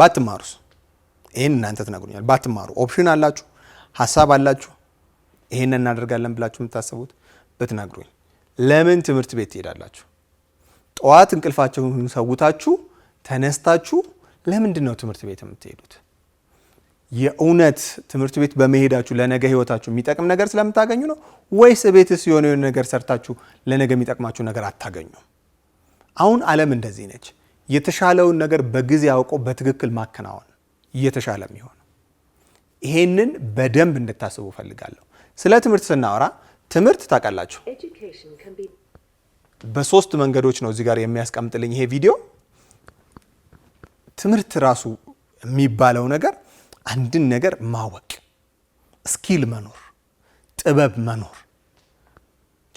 ባትማሩስ? ይህን እናንተ ትነግሩኛል። ባትማሩ ኦፕሽን አላችሁ፣ ሀሳብ አላችሁ፣ ይህን እናደርጋለን ብላችሁ የምታስቡት ብትነግሩኝ። ለምን ትምህርት ቤት ትሄዳላችሁ? ጠዋት እንቅልፋችሁን ሰውታችሁ ተነስታችሁ ለምንድን ነው ትምህርት ቤት የምትሄዱት? የእውነት ትምህርት ቤት በመሄዳችሁ ለነገ ህይወታችሁ የሚጠቅም ነገር ስለምታገኙ ነው ወይስ ቤትስ የሆነ ነገር ሰርታችሁ ለነገ የሚጠቅማችሁ ነገር አታገኙም? አሁን ዓለም እንደዚህ ነች። የተሻለውን ነገር በጊዜ አውቆ በትክክል ማከናወን እየተሻለ የሚሆነው ይሄንን በደንብ እንድታስቡ ፈልጋለሁ ስለ ትምህርት ስናወራ ትምህርት ታውቃላችሁ፣ በሶስት መንገዶች ነው እዚህ ጋር የሚያስቀምጥልኝ ይሄ ቪዲዮ። ትምህርት ራሱ የሚባለው ነገር አንድን ነገር ማወቅ፣ ስኪል መኖር፣ ጥበብ መኖር፣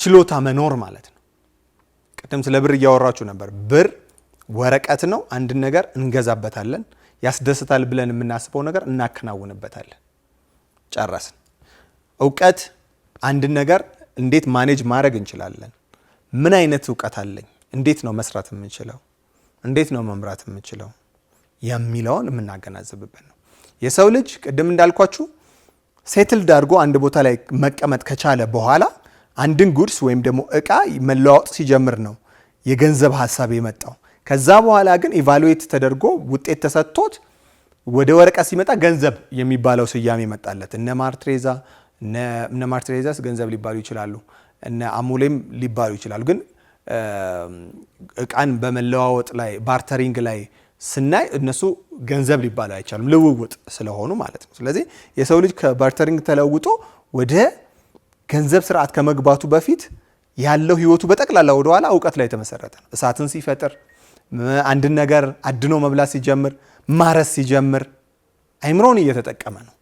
ችሎታ መኖር ማለት ነው። ቅድም ስለ ብር እያወራችሁ ነበር ብር ወረቀት ነው። አንድን ነገር እንገዛበታለን። ያስደስታል ብለን የምናስበው ነገር እናከናውንበታለን። ጨረስን። እውቀት አንድን ነገር እንዴት ማኔጅ ማድረግ እንችላለን? ምን አይነት እውቀት አለኝ? እንዴት ነው መስራት የምንችለው? እንዴት ነው መምራት የምንችለው የሚለውን የምናገናዘብበት ነው። የሰው ልጅ ቅድም እንዳልኳችሁ ሴትልድ አድርጎ አንድ ቦታ ላይ መቀመጥ ከቻለ በኋላ አንድን ጉድስ ወይም ደግሞ እቃ መለዋወጥ ሲጀምር ነው የገንዘብ ሀሳብ የመጣው። ከዛ በኋላ ግን ኢቫሉዌት ተደርጎ ውጤት ተሰጥቶት ወደ ወረቀት ሲመጣ ገንዘብ የሚባለው ስያሜ መጣለት። እነ ማርትሬዛ እነ ማርትሬዛስ ገንዘብ ሊባሉ ይችላሉ፣ እነ አሙሌም ሊባሉ ይችላሉ። ግን እቃን በመለዋወጥ ላይ ባርተሪንግ ላይ ስናይ እነሱ ገንዘብ ሊባሉ አይቻሉም፣ ልውውጥ ስለሆኑ ማለት ነው። ስለዚህ የሰው ልጅ ከባርተሪንግ ተለውጦ ወደ ገንዘብ ስርዓት ከመግባቱ በፊት ያለው ህይወቱ በጠቅላላ ወደኋላ እውቀት ላይ የተመሰረተ ነው። እሳትን ሲፈጥር አንድን ነገር አድኖ መብላት ሲጀምር፣ ማረስ ሲጀምር አይምሮን እየተጠቀመ ነው።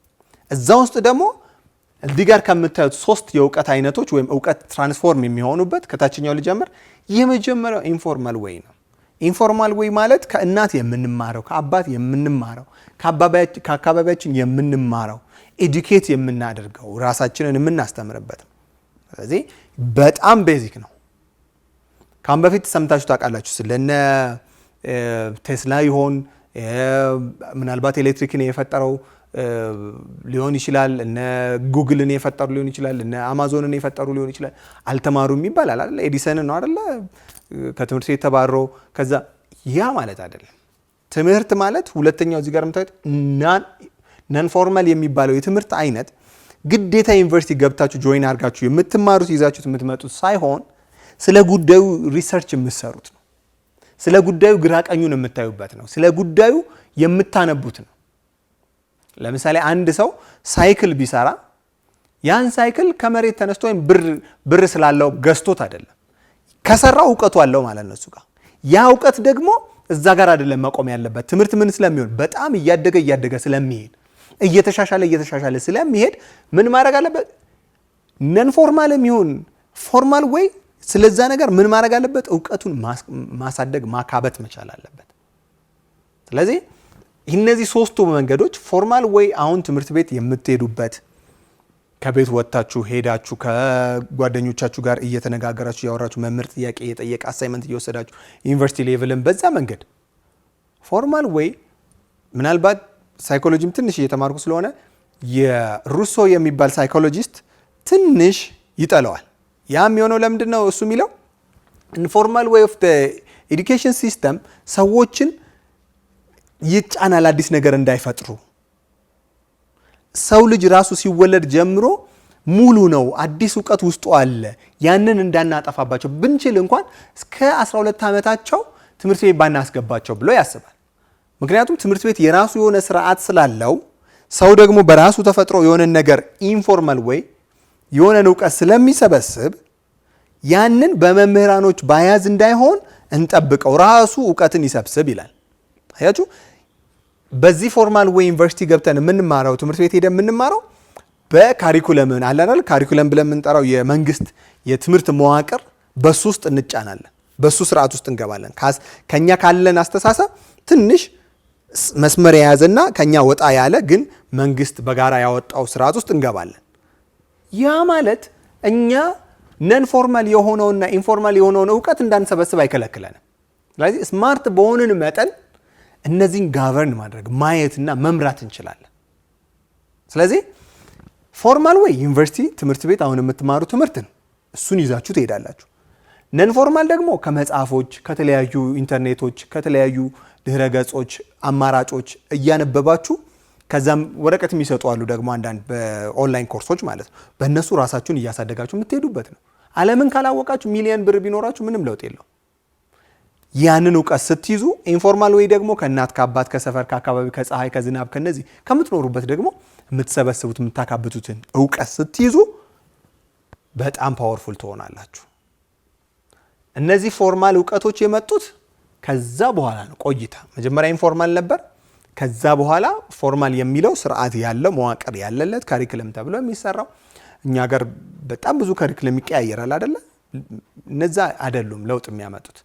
እዛ ውስጥ ደግሞ እዚህ ጋር ከምታዩት ሶስት የእውቀት አይነቶች ወይም እውቀት ትራንስፎርም የሚሆኑበት ከታችኛው ልጀምር። የመጀመሪያው ኢንፎርማል ዌይ ነው። ኢንፎርማል ዌይ ማለት ከእናት የምንማረው ከአባት የምንማረው ከአካባቢያችን የምንማረው ኤዱኬት የምናደርገው ራሳችንን የምናስተምርበት ነው። ስለዚህ በጣም ቤዚክ ነው። ከአሁን በፊት ሰምታችሁ ታውቃላችሁ። ስለነ ቴስላ ይሆን ምናልባት ኤሌክትሪክን የፈጠረው ሊሆን ይችላል። እነ ጉግልን የፈጠሩ ሊሆን ይችላል። እነ አማዞንን የፈጠሩ ሊሆን ይችላል። አልተማሩም ይባላል አይደለ? ኤዲሰን ነው አይደለ? ከትምህርት ቤት ተባሮ ከዛ ያ ማለት አይደለም። ትምህርት ማለት ሁለተኛው እዚህ ጋር የምታዩት ነን ፎርማል የሚባለው የትምህርት አይነት ግዴታ ዩኒቨርሲቲ ገብታችሁ ጆይን አድርጋችሁ የምትማሩት ይዛችሁት የምትመጡት ሳይሆን ስለ ጉዳዩ ሪሰርች የምትሰሩት ነው። ስለ ጉዳዩ ግራ ቀኙን የምታዩበት ነው። ስለ ጉዳዩ የምታነቡት ነው። ለምሳሌ አንድ ሰው ሳይክል ቢሰራ ያን ሳይክል ከመሬት ተነስቶ ወይም ብር ስላለው ገዝቶት አይደለም፣ ከሰራው እውቀቱ አለው ማለት ነው እሱ ጋር። ያ እውቀት ደግሞ እዛ ጋር አይደለም መቆም ያለበት። ትምህርት ምን ስለሚሆን በጣም እያደገ እያደገ ስለሚሄድ እየተሻሻለ እየተሻሻለ ስለሚሄድ ምን ማድረግ አለበት? ነን ፎርማል የሚሆን ፎርማል ወይ ስለዛ ነገር ምን ማድረግ አለበት? እውቀቱን ማሳደግ ማካበት መቻል አለበት። ስለዚህ እነዚህ ሶስቱ መንገዶች ፎርማል ወይ አሁን ትምህርት ቤት የምትሄዱበት ከቤት ወጥታችሁ ሄዳችሁ ከጓደኞቻችሁ ጋር እየተነጋገራችሁ ያወራችሁ፣ መምህር ጥያቄ እየጠየቀ አሳይመንት እየወሰዳችሁ ዩኒቨርሲቲ ሌቭልን በዛ መንገድ ፎርማል ወይ ምናልባት ሳይኮሎጂም ትንሽ እየተማርኩ ስለሆነ የሩሶ የሚባል ሳይኮሎጂስት ትንሽ ይጠለዋል። ያም የሆነው ለምንድን ነው እሱ የሚለው ኢንፎርማል ዌይ ኦፍ ኤዱኬሽን ሲስተም ሰዎችን ይጫናል አዲስ ነገር እንዳይፈጥሩ። ሰው ልጅ ራሱ ሲወለድ ጀምሮ ሙሉ ነው። አዲስ እውቀት ውስጡ አለ። ያንን እንዳናጠፋባቸው ብንችል እንኳን እስከ 12 ዓመታቸው ትምህርት ቤት ባናስገባቸው ብሎ ያስባል። ምክንያቱም ትምህርት ቤት የራሱ የሆነ ስርዓት ስላለው ሰው ደግሞ በራሱ ተፈጥሮ የሆነን ነገር ኢንፎርማል ወይ የሆነን እውቀት ስለሚሰበስብ ያንን በመምህራኖች ባያዝ እንዳይሆን እንጠብቀው፣ ራሱ እውቀትን ይሰብስብ ይላል። አያችሁ፣ በዚህ ፎርማል ወይ ዩኒቨርሲቲ ገብተን የምንማረው ትምህርት ቤት ሄደን የምንማረው በካሪኩለምን አላናል ካሪኩለም ብለን የምንጠራው የመንግስት የትምህርት መዋቅር በሱ ውስጥ እንጫናለን፣ በሱ ስርዓት ውስጥ እንገባለን። ከኛ ካለን አስተሳሰብ ትንሽ መስመር የያዘና ከኛ ወጣ ያለ ግን መንግስት በጋራ ያወጣው ስርዓት ውስጥ እንገባለን። ያ ማለት እኛ ነን ፎርማል የሆነውና ኢንፎርማል የሆነውን እውቀት እንዳንሰበስብ አይከለክለንም። ስለዚህ ስማርት በሆንን መጠን እነዚህን ጋቨርን ማድረግ ማየትና መምራት እንችላለን። ስለዚህ ፎርማል ወይ ዩኒቨርሲቲ ትምህርት ቤት አሁን የምትማሩ ትምህርት ነው፣ እሱን ይዛችሁ ትሄዳላችሁ። ነን ፎርማል ደግሞ ከመጽሐፎች፣ ከተለያዩ ኢንተርኔቶች፣ ከተለያዩ ድህረ ገጾች አማራጮች እያነበባችሁ ከዛም ወረቀት የሚሰጡ አሉ ደግሞ አንዳንድ በኦንላይን ኮርሶች ማለት ነው። በእነሱ ራሳችሁን እያሳደጋችሁ የምትሄዱበት ነው። ዓለምን ካላወቃችሁ ሚሊየን ብር ቢኖራችሁ ምንም ለውጥ የለው። ያንን እውቀት ስትይዙ ኢንፎርማል ወይ ደግሞ ከእናት ከአባት ከሰፈር ከአካባቢ ከፀሐይ ከዝናብ ከነዚህ ከምትኖሩበት ደግሞ የምትሰበስቡት የምታካብቱትን እውቀት ስትይዙ በጣም ፓወርፉል ትሆናላችሁ። እነዚህ ፎርማል እውቀቶች የመጡት ከዛ በኋላ ነው። ቆይታ መጀመሪያ ኢንፎርማል ነበር። ከዛ በኋላ ፎርማል የሚለው ስርዓት ያለው መዋቅር ያለለት ካሪክለም ተብሎ የሚሰራው እኛ ጋር በጣም ብዙ ካሪክለም ይቀያየራል አደለ? እነዛ አይደሉም ለውጥ የሚያመጡት።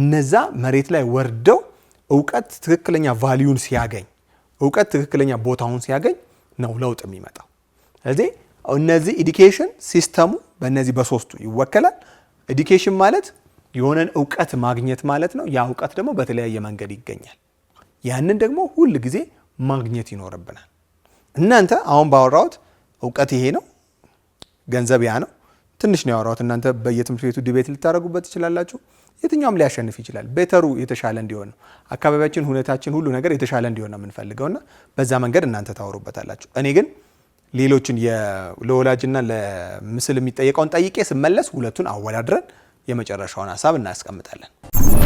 እነዛ መሬት ላይ ወርደው እውቀት ትክክለኛ ቫሊዩን ሲያገኝ፣ እውቀት ትክክለኛ ቦታውን ሲያገኝ ነው ለውጥ የሚመጣው። ስለዚህ እነዚህ ኢዲኬሽን ሲስተሙ በእነዚህ በሶስቱ ይወከላል። ኤዲኬሽን ማለት የሆነን እውቀት ማግኘት ማለት ነው። ያ እውቀት ደግሞ በተለያየ መንገድ ይገኛል። ያንን ደግሞ ሁል ጊዜ ማግኘት ይኖርብናል። እናንተ አሁን ባወራሁት እውቀት ይሄ ነው፣ ገንዘብ ያ ነው። ትንሽ ነው ያወራሁት። እናንተ በየትምህርት ቤቱ ዲቤት ልታደረጉበት ትችላላችሁ። የትኛውም ሊያሸንፍ ይችላል። ቤተሩ የተሻለ እንዲሆን ነው። አካባቢያችን፣ ሁኔታችን፣ ሁሉ ነገር የተሻለ እንዲሆን ነው የምንፈልገውና በዛ መንገድ እናንተ ታወሩበታላችሁ። እኔ ግን ሌሎችን ለወላጅና ለምስል የሚጠየቀውን ጠይቄ ስመለስ ሁለቱን አወዳድረን የመጨረሻውን ሀሳብ እናስቀምጣለን።